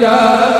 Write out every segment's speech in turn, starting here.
ja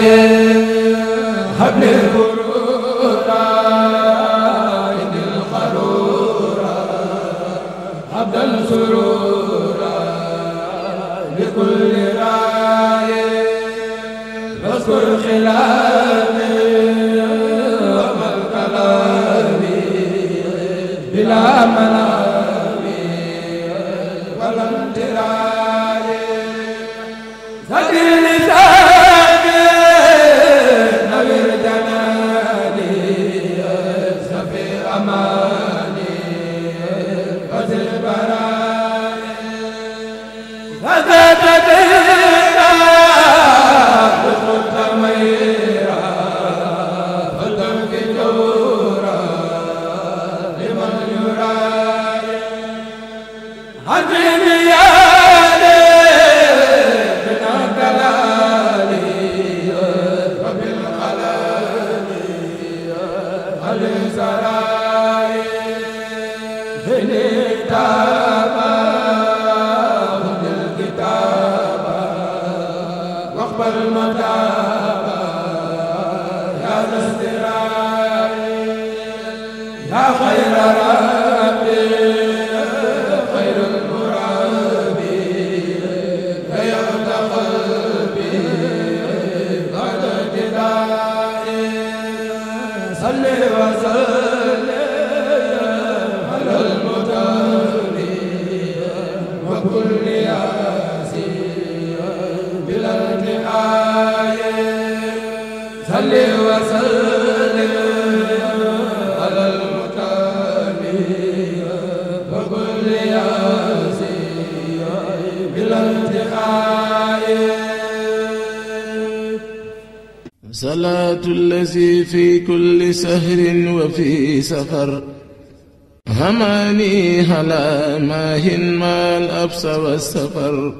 Yeah. شهر وفي سفر هماني هلا ماهن ما الأبس والسفر